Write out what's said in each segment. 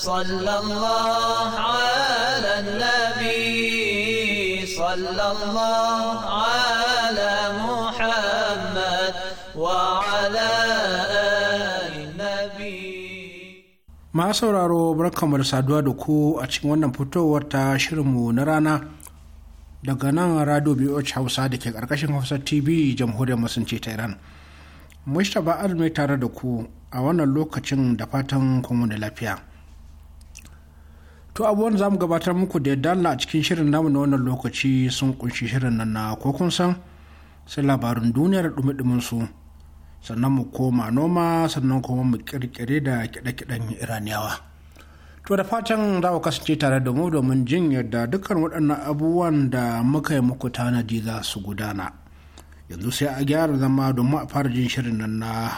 صلى الله على النبي صلى الله على Ma sauraro barkanmu da saduwa da ku a cikin wannan fitowar ta shirinmu na rana daga nan radio bh Hausa da ke ƙarƙashin Hausa TV jamhuriyar musulunci ta Iran. Mustapha Azumi tare da ku a wannan lokacin da fatan kuma da lafiya. To abubuwan za mu gabatar muku da dala a cikin shirin namu na wannan lokaci sun kunshi shirin nan na ko kun san sai labarin duniyar dumi su sannan mu koma noma sannan kuma mu kirkire da kiɗe-kiɗen iraniyawa. To da fatan za ku kasance tare da mu domin jin yadda dukkan waɗannan abubuwan da muka yi muku tanadi za su gudana. Yanzu sai a gyara zama domin a fara jin shirin nan na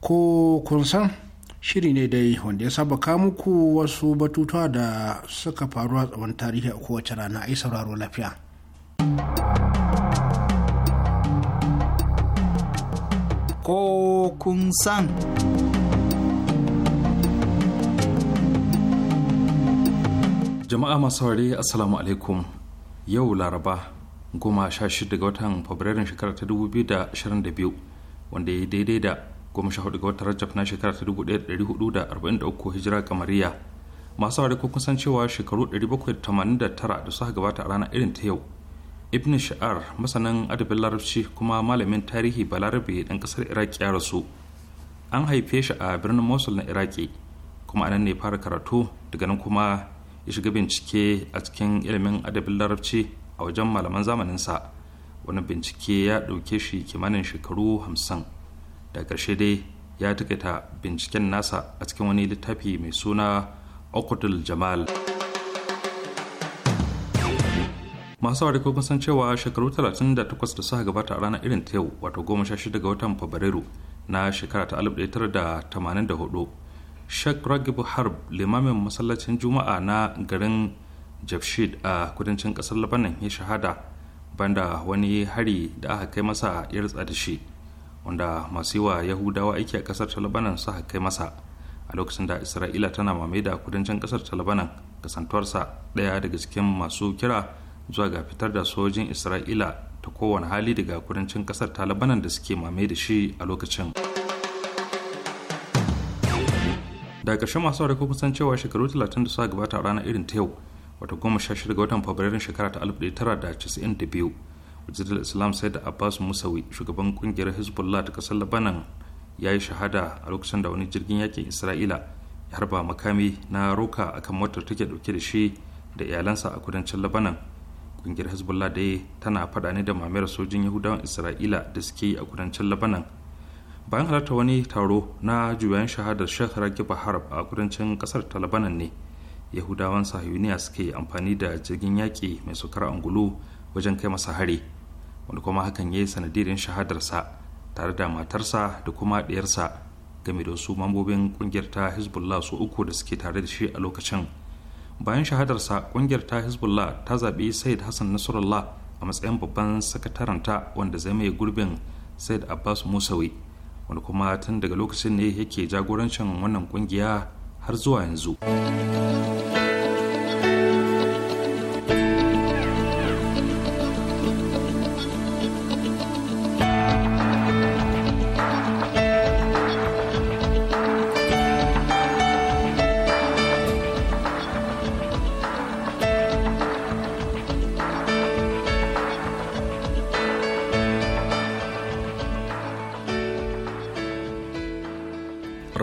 ko kun san. shiri ne dai wanda ya saba kamuku muku wasu batutuwa da suka faru a tsawon tarihi a kowace rana ai sauraro lafiya ko kun san jama'a masu saurare assalamu alaikum yau laraba goma sha shida ga watan fabrairun shekarar ta 2022 wanda ya daidai da goma sha hudu ga watan rajab na shekara ta dubu da da hudu arba'in uku hijira kamariya masu ware ko san cewa shekaru tamanin da tara da suka gabata a ranar irin ta yau ibn sha'ar masanin adabin larabci kuma malamin tarihi balarabe ɗan ƙasar iraq ya rasu an haife shi a birnin mosul na iraki kuma anan ne fara karatu daga nan kuma ya shiga bincike a cikin ilimin adabin larabci a wajen malaman zamaninsa wani bincike ya ɗauke shi kimanin shekaru hamsin da ƙarshe dai ya takaita binciken nasa a cikin wani littafi mai suna okudul jamal masu wari kuma san cewa shekaru 38 da suka gabata a ranar irin yau wato 16 ga watan fabrairu na shekara ta 1984 shek ragibu harb limamin masallacin juma'a na garin jafshid a kudancin kasar labanan ya shahada banda wani hari da aka kai masa ya ritsa da shi wanda masu yiwa yahudawa aiki a kasar talabanan su haka kai masa a lokacin da isra'ila tana mamaye da kudancin kasar talabanan kasantuwarsa ɗaya daga cikin masu kira zuwa ga fitar da sojin isra'ila ta kowane hali daga kudancin kasar ta da suke mame da shi a lokacin daga ƙarshen masu harkar kusan cewa shekaru 30 da suka gabata a ranar irin ta yau wata goma sha ga watan fabrairun shekara ta 1992 hujjatul islam sai da abbas musawi shugaban kungiyar hezbollah ta kasar labanan ya yi shahada a lokacin da wani jirgin yakin isra'ila ya harba makami na roka akan motar take dauke da shi da iyalansa a kudancin labanan kungiyar hezbollah dai tana fada ne da mamayar sojin yahudawan isra'ila da suke yi a kudancin labanan bayan halarta wani taro na juyayen shahadar sheikh ragib harab a kudancin kasar ta labanan ne yahudawan sahiyuniya suke amfani da jirgin yaƙi mai sukar angulu wajen kai masa hari wanda kuma hakan ya yi sanadirin shahadarsa tare da matarsa da kuma ɗiyarsa game da wasu mambobin ƙungiyar ta hezbollah su uku da suke tare da shi a lokacin bayan shahadarsa ƙungiyar ta hezbollah ta zaɓi said hassan nasarallah a matsayin babban sakataranta wanda zai mai gurbin said abbas musawi wanda kuma tun daga lokacin ne yake jagorancin wannan ƙungiya har zuwa yanzu.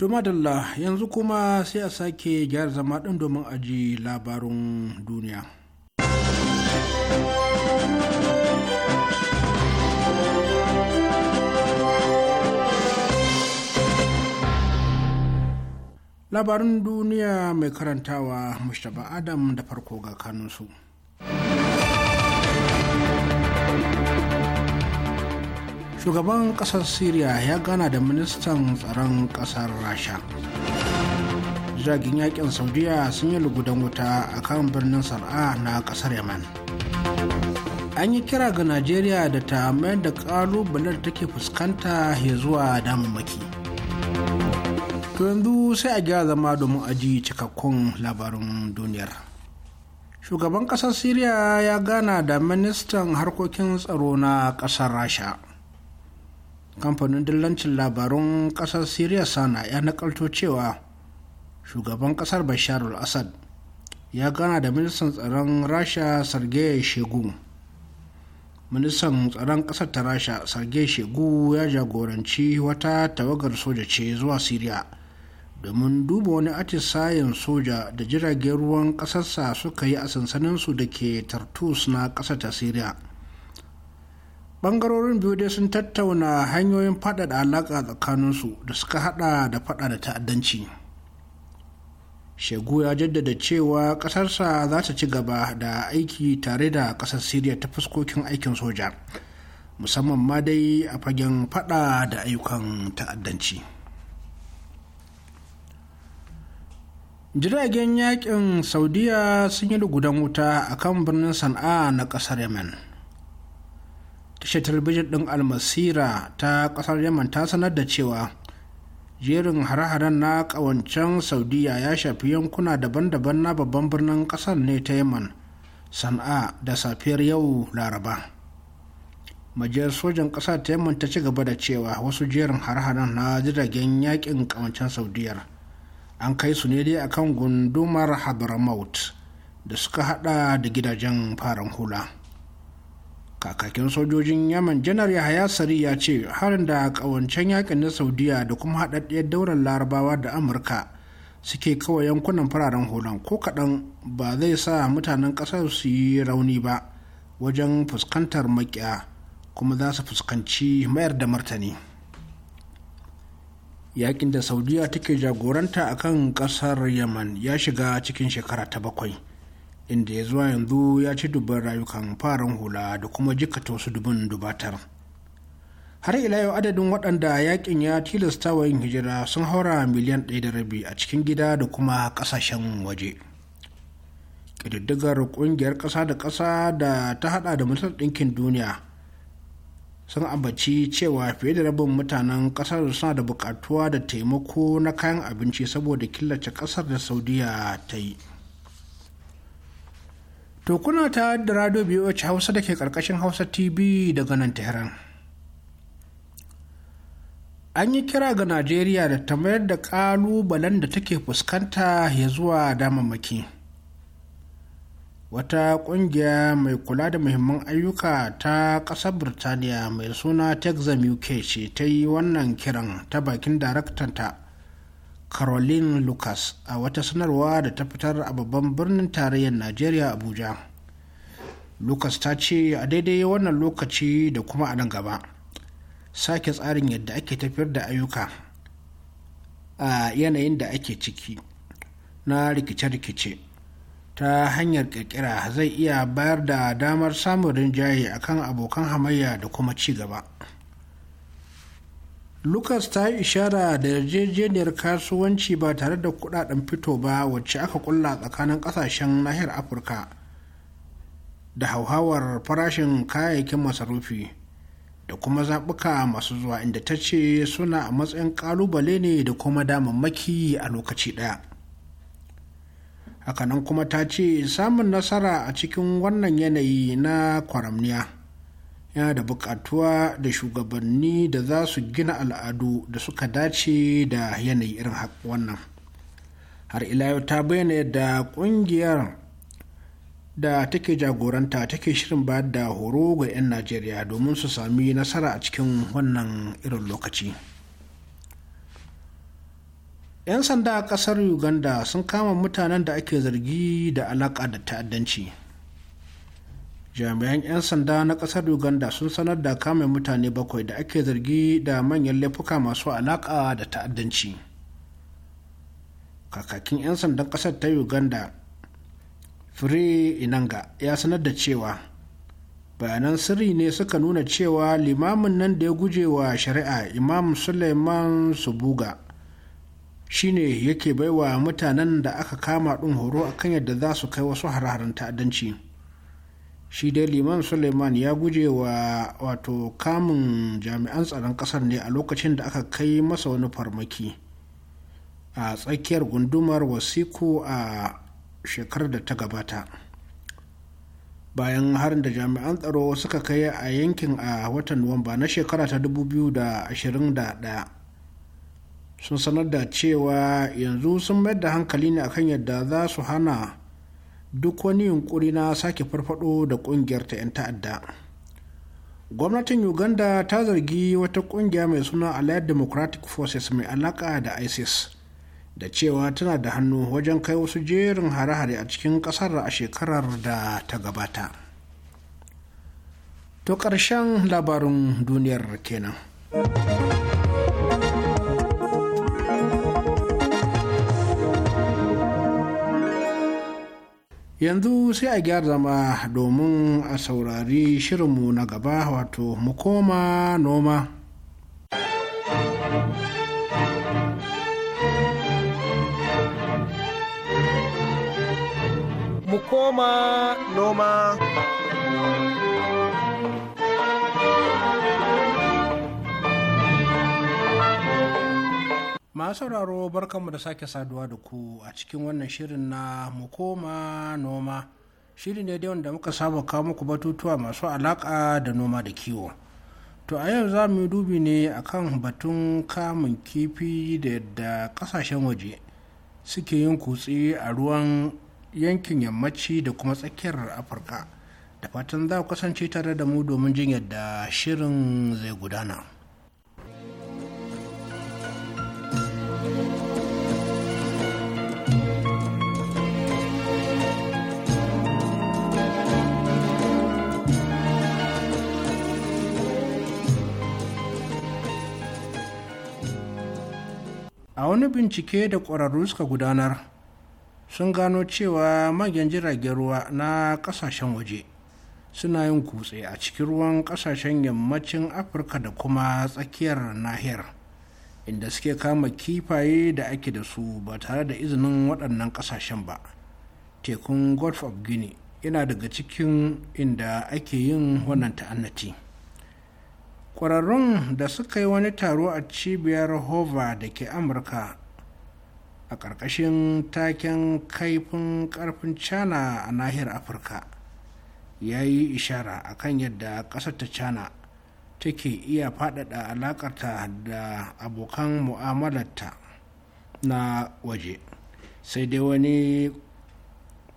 To madalla yanzu kuma sai a sake gyara zama ɗin domin aji labarin duniya. Labarin duniya mai karantawa Mustapha Adam da farko ga kanunsu. shugaban kasar syria ya gana da ministan tsaron kasar rasha jiragen yakin saudiya sun yi lugudan wuta a kan birnin sar'a na kasar yaman an yi kira ga najeriya da ta mayar da kalubalen da take fuskanta ya zuwa damammaki to yanzu sai a gyara zama domin aji cikakkun labarin duniyar shugaban kasar syria ya gana da ministan harkokin tsaro na kasar rasha kamfanin dillancin labarun kasar syria sana ya nakalto cewa shugaban kasar bashar al-assad ya gana da ministan tsaron rasha sergei shegu ministan tsaron kasar ta rasha sergei shegu ya jagoranci wata tawagar soja ce zuwa syria domin duba wani atisayen soja da jiragen ruwan kasarsa suka yi a sansaninsu da ke tartus na kasar ta syria bangarorin biyu dai sun tattauna hanyoyin faɗaɗa alaƙa tsakaninsu da suka haɗa da faɗa da ta'addanci shegu ya jaddada cewa ƙasarsa za ta ci gaba da aiki tare da ƙasar siriya ta fuskokin aikin soja musamman ma dai a fagen faɗa da ayyukan ta'addanci. jiragen yakin saudiya sun yi gudan wuta a kan birnin sana'a na ƙasar yemen tashar talabijin ɗin almasira ta ƙasar yaman ta sanar da cewa jerin hare-haren na ƙawancen saudiya ya shafi yankuna daban-daban na babban birnin ƙasar ne ta yaman sana'a da safiyar yau laraba majiyar sojan ƙasa ta yaman ta ci gaba da cewa wasu jerin hare-haren na jiragen yakin ƙawancen saudiyar an kai su ne dai akan gundumar habramaut da suka hada da gidajen farin hula. kakakin sojojin yaman janar yahaya sari ya ce harin da kawancen yakin na saudiya da kuma haɗaɗɗiyar daular larabawa da amurka suke kawai yankunan fararen hulan ko kaɗan ba zai sa mutanen ƙasar su yi rauni ba wajen fuskantar makiya kuma za su fuskanci mayar da martani yakin da saudiya take jagoranta a kan ƙasar yaman ya shiga cikin shekara ta bakwai inda ya zuwa yanzu ya ci dubban rayukan farin hula da kuma jikata wasu dubin dubatar har ila yau adadin waɗanda yakin ya tilasta wa yin hijira sun haura miliyan ɗaya da rabi a cikin gida da kuma ƙasashen waje ƙididdigar ƙungiyar ƙasa da ƙasa da ta haɗa da majalisar ɗinkin duniya sun ambaci cewa fiye da rabin mutanen ƙasar suna da buƙatuwa da taimako na kayan abinci saboda killace ƙasar da saudiya ta yi To kuna ta da radio BOH Hausa da ke ƙarƙashin Hausa TV daga nan Tehran. An yi kira ga Najeriya da ta mayar da ƙalubalen da take fuskanta ya zuwa damammaki. Wata ƙungiya mai kula da muhimman ayyuka ta ƙasar Birtaniya mai suna Texam UK ce ta yi wannan kiran ta bakin daraktanta caroline lucas a wata sanarwa da ta fitar a babban birnin tarayyar najeriya abuja lucas ta ce a daidai wannan lokaci da kuma a nan gaba sake tsarin yadda ake tafiyar da ayyuka a yanayin da ake ciki na rikice-rikice ta hanyar kirkira zai iya bayar da damar samun rinjaye akan abokan hamayya da kuma ci gaba. lucas ta yi ishara da yarjejeniyar kasuwanci ba tare da kudaden fito ba wacce aka kulla tsakanin kasashen nahiyar afirka da hauhawar farashin kayayyakin masarufi da kuma zaɓuka masu zuwa inda ta ce suna a matsayin ƙalubale ne da kuma damammaki a lokaci ɗaya hakanan kuma ta ce samun nasara a cikin wannan yanayi na kwaramniya yana da buƙatuwa da shugabanni da za su gina al'adu da suka dace da yanayi irin wannan har ila yau ta bayyana yadda ƙungiyar da take jagoranta take shirin ba da horo ga 'yan najeriya domin su sami nasara a cikin wannan irin lokaci 'yan sanda a ƙasar uganda sun kama mutanen da ake zargi da alaƙa da ta'addanci jami'an 'yan sanda na ƙasar uganda sun sanar da kame mutane bakwai da ake zargi da manyan laifuka masu alaƙa da ta'addanci kakakin 'yan sandan ƙasar ta uganda free inanga ya sanar da cewa bayanan sirri ne suka nuna cewa limamin nan da ya guje wa shari'a imam suleiman subuga shine yake baiwa mutanen da aka kama ɗin horo akan yadda za su kai wasu hare-haren ta'addanci. shi dai liman suleiman ya guje wa wato kamun jami'an tsaron kasar ne a lokacin da aka kai masa wani farmaki a tsakiyar gundumar wasiku a shekarar da ta gabata bayan harin da jami'an tsaro suka kai a yankin a watan nuwamba na shekara ta 2021 sun sanar da cewa yanzu sun mayar da hankali ne akan yadda za su hana duk wani yunkuri na sake farfado da kungiyar ta 'yan ta'adda gwamnatin uganda ta zargi wata kungiya mai suna allied democratic forces mai alaka da isis da cewa tana da hannu wajen kai wasu jerin hare-hare a cikin kasar a shekarar da ta gabata to ƙarshen labarin duniyar kenan. yanzu sai a gyara zama domin a saurari shirinmu na gaba wato mu koma noma mu koma noma sauraro barkanmu da sake saduwa da ku a cikin wannan shirin na mu koma noma shiri ne da wanda muka saba kawo muku batutuwa masu alaka da noma da kiwo to a yau za mu dubi ne akan batun kamun kifi da yadda kasashen waje suke yin kutse a ruwan yankin yammaci da kuma tsakiyar afirka da fatan za ku kasance tare da mu domin jin yadda shirin zai gudana. a wani bincike da ƙwararru suka gudanar sun gano cewa manyan jiragen ruwa na ƙasashen waje suna yin kutse a cikin ruwan ƙasashen yammacin afirka da kuma tsakiyar nahiyar inda suke kama kifaye da ake da su ba tare da izinin waɗannan ƙasashen ba tekun gulf of guinea yana daga cikin inda ake yin wannan ta'annati. kwararrun da suka yi wani taro a cibiyar hova da ke amurka a ƙarƙashin taken kaifin ƙarfin china a nahiyar afirka ya yi ishara a kan yadda ƙasar ta china take iya faɗaɗa alaƙarta da abokan mu'amalarta na waje sai dai wani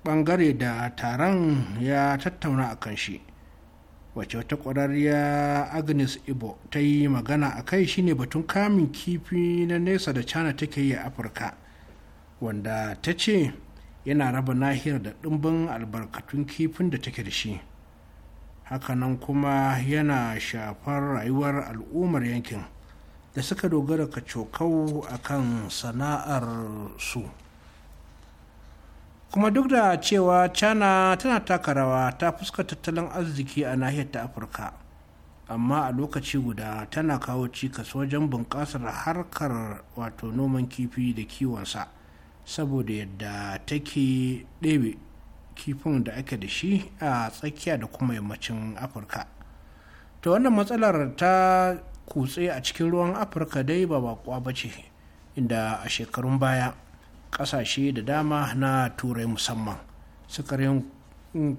ɓangare da taron ya tattauna a kan shi wace wata ƙwararriya agnes ibo ta yi magana a kai shine batun kamun kifi na nesa da china take yi a afirka wanda ta ce yana raba nahiyar da ɗimbin albarkatun kifin da take da shi hakanan kuma yana shafar rayuwar al'ummar yankin da suka dogara kacokau a kan sana'ar su kuma duk da cewa china tana taka rawa ta fuska tattalin arziki a nahiyar ta afirka amma a lokaci guda tana kawo cikas wajen bunƙasar harkar wato noman kifi da kiwonsa saboda yadda take ɗebe kifin da ake da shi a tsakiya da kuma yammacin afirka ta wannan matsalar ta kutse a cikin ruwan afirka dai ba bakwa ba ce inda a shekarun baya ƙasashe da dama na turai musamman suka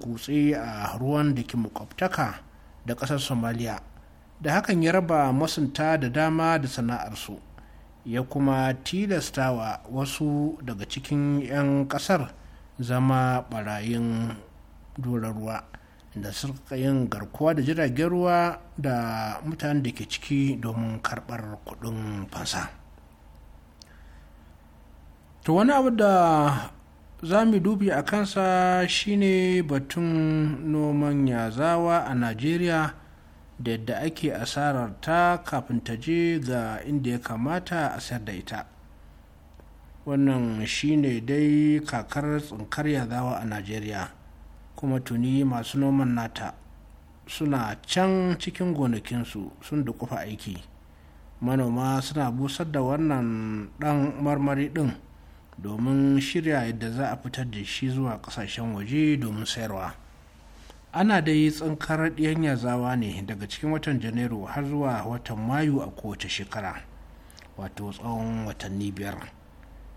kutse a ruwan da ke makwabtaka da ƙasar somaliya da hakan ya raba masunta da dama da sana'arsu ya kuma tilasta wa wasu daga cikin 'yan ƙasar zama barayin ruwa da suka yin garkuwa da jiragen ruwa da mutanen da ke ciki domin karɓar kuɗin fansa. to wani abu da za mu dubi a kansa shine batun noman yazawa a najeriya da yadda ake asarar ta kafin ta je ga inda ya kamata a sayar da ita wannan shine dai kakar tsinkar yazawa a najeriya kuma tuni masu noman nata suna can cikin gonakinsu sun dukufa aiki manoma suna busar da wannan dan marmari din domin shirya yadda za a fitar da shi zuwa kasashen waje domin sayarwa ana da yi tsinkar ɗiyan yazawa ne daga cikin watan janairu har zuwa watan mayu a kowace shekara wato tsawon watanni biyar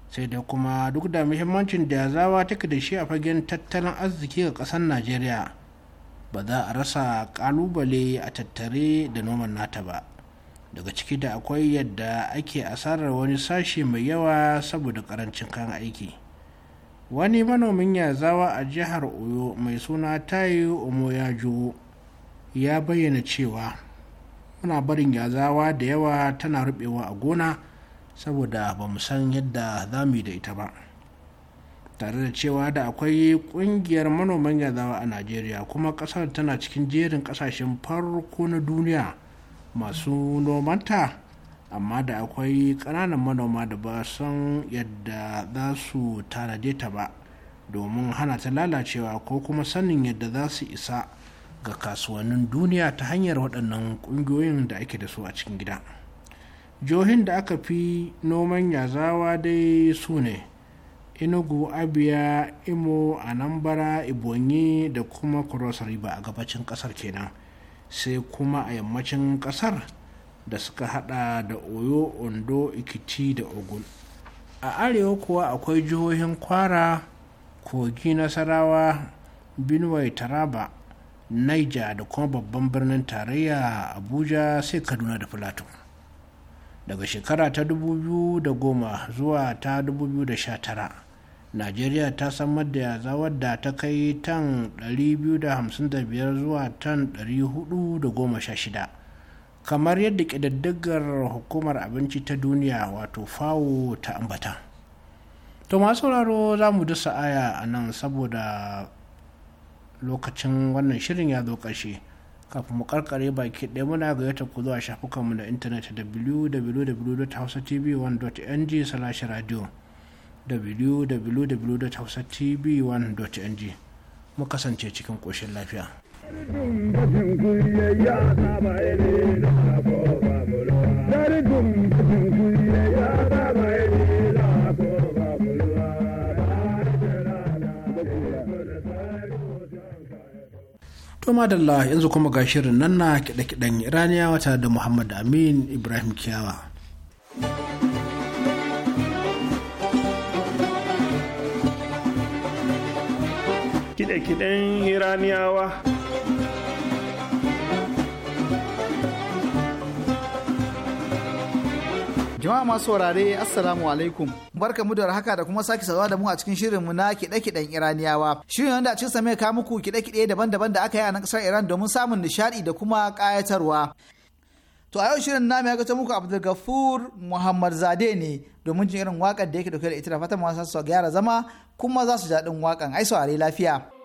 sai da kuma duk da muhimmancin da yazawa take da shi a fagen tattalin arziki ga ƙasar najeriya ba za a rasa ƙalubale a tattare da noman nata ba daga ciki da akwai yadda ake asarar wani sashe mai yawa saboda karancin kayan aiki wani manomin yazawa a jihar oyo mai suna tayo omoyajo ya bayyana cewa muna barin yazawa da yawa tana rubewa a gona saboda ba mu san yadda za mu yi da ita ba tare da cewa da akwai kungiyar manoman yazawa a najeriya kuma kasar tana cikin jerin kasashen farko na duniya masu nomanta amma da akwai ƙananan manoma da ba san yadda za su tanade ta ba domin hana ta lalacewa ko kuma sanin yadda za su isa ga kasuwannin duniya ta hanyar waɗannan ƙungiyoyin da ake da su a cikin gida johin da aka fi noman yazawa dai su ne inugu abia imo anambara ibonyi da kuma cross river a gabacin ƙasar kenan. sai kuma a yammacin kasar da suka hada da oyo ondo ikiti da ogun a arewa kuwa akwai jihohin kwara kogi nasarawa benue taraba niger da kuma babban birnin tarayya abuja sai kaduna da filato daga shekara ta 2010 zuwa ta 2019 najeriya ta samar da yaza wadda ta kai tan 255 zuwa tan 416 kamar yadda ƙididdigar hukumar abinci ta duniya wato fawo ta ambata to masu sauraro za mu dusa aya a nan saboda lokacin wannan shirin ya zo ƙarshe kafin mu karkare baki ɗaya muna gayyata ku zuwa shafukanmu na intanet www.hausatv1.ng/radio www.hausatv1.ng mu kasance cikin ƙoshin lafiya. To madalla yanzu kuma ga shirin nan na kiɗe-kiɗen Iraniya wata da Muhammad Amin Ibrahim Kiyawa. kiɗe-kiɗen iraniyawa jama'a masu wurare assalamu alaikum barka mu da haka da kuma sake saduwa da mu a cikin shirinmu na kiɗe-kiɗen iraniyawa shirin wanda a cikin sa ka muku kiɗe-kiɗe daban-daban da aka yi a nan ƙasar iran domin samun nishaɗi da kuma ƙayatarwa to a yau shirin namu ya gata muku abdulgafur muhammad zade ne domin jin irin waƙar da yake dauke da ita da fatan masu su gyara zama kuma za su jaɗin waƙan ai saurare lafiya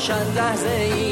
باشد لحظه ای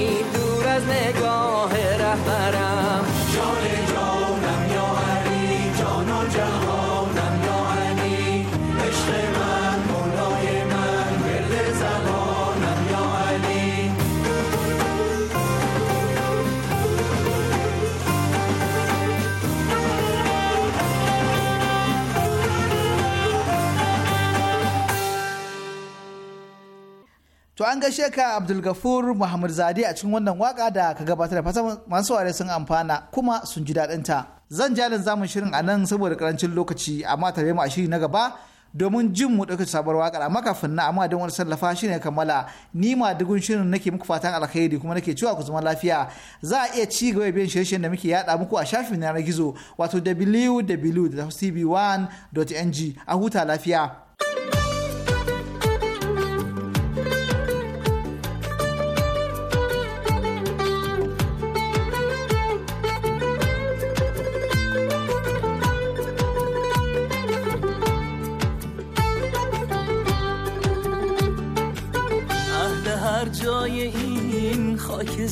To an gaishe ka Abdulgafur Muhammad Zade a cikin wannan waka da ka gabatar da fasa masu ware sun amfana kuma sun ji daɗin ta. Zan jalin zamun shirin a nan saboda karancin lokaci amma tare mu a shiri na gaba domin jin mu ɗauki sabuwar wakar amma kafin na amma don wani sallafa shi ne kammala ni ma dugun shirin nake muku fatan alkhairi kuma nake cewa ku zama lafiya za a iya ci gaba biyan shirye-shiryen da muke yada muku a shafin yanar gizo wato www.tv1.ng a huta lafiya.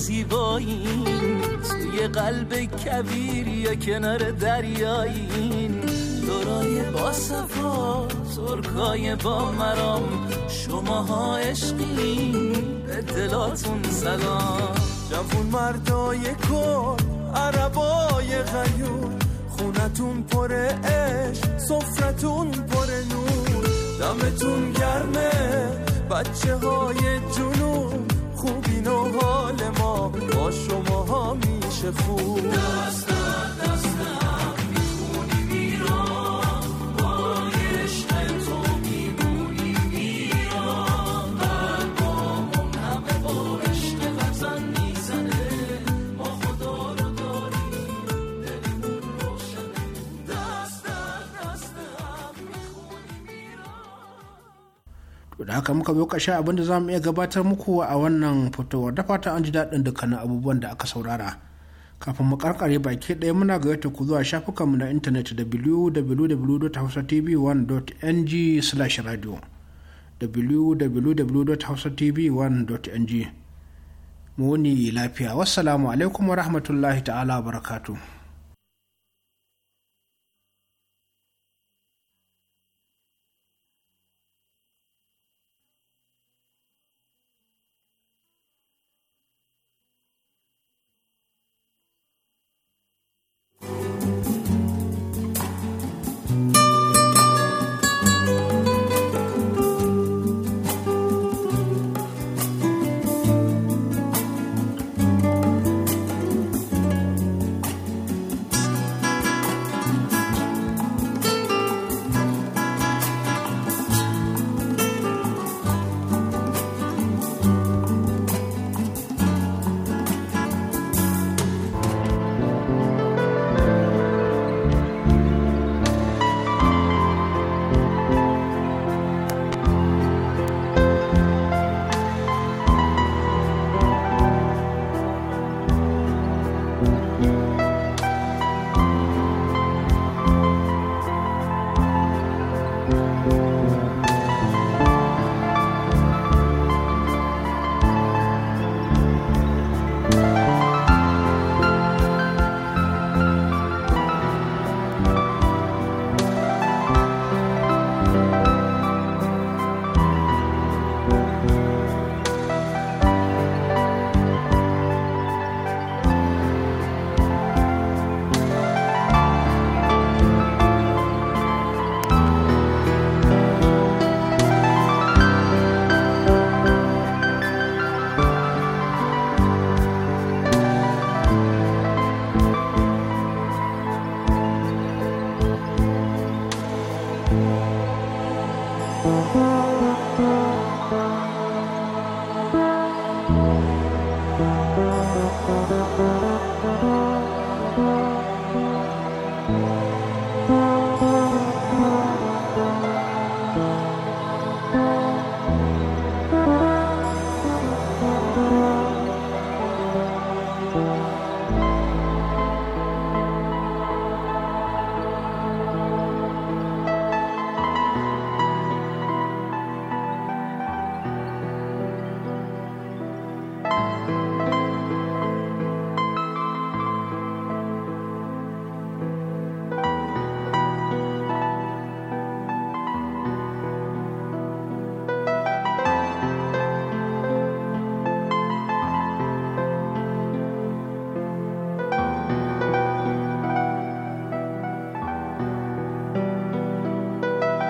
این توی قلب کبیر یا کنار دریایین دورای با صفا ترکای با مرام شماها عشقین دلاتون سلام جوون مردای کن عربای غیور خونتون پر اش سفرتون پر نور دمتون گرمه بچه های جون عاشق خوب da haka muka bi ƙarshe abinda za mu iya gabatar muku a wannan fitowar da fata an ji daɗin dukkanin abubuwan da aka saurara kafin mu karkare baki ɗaya muna gayyata ku zuwa shafukanmu na intanet www.hausatv1.ng slash radio www.hausatv1.ng mu wuni lafiya wassalamu alaikum wa rahmatullahi ta'ala wa barakatuh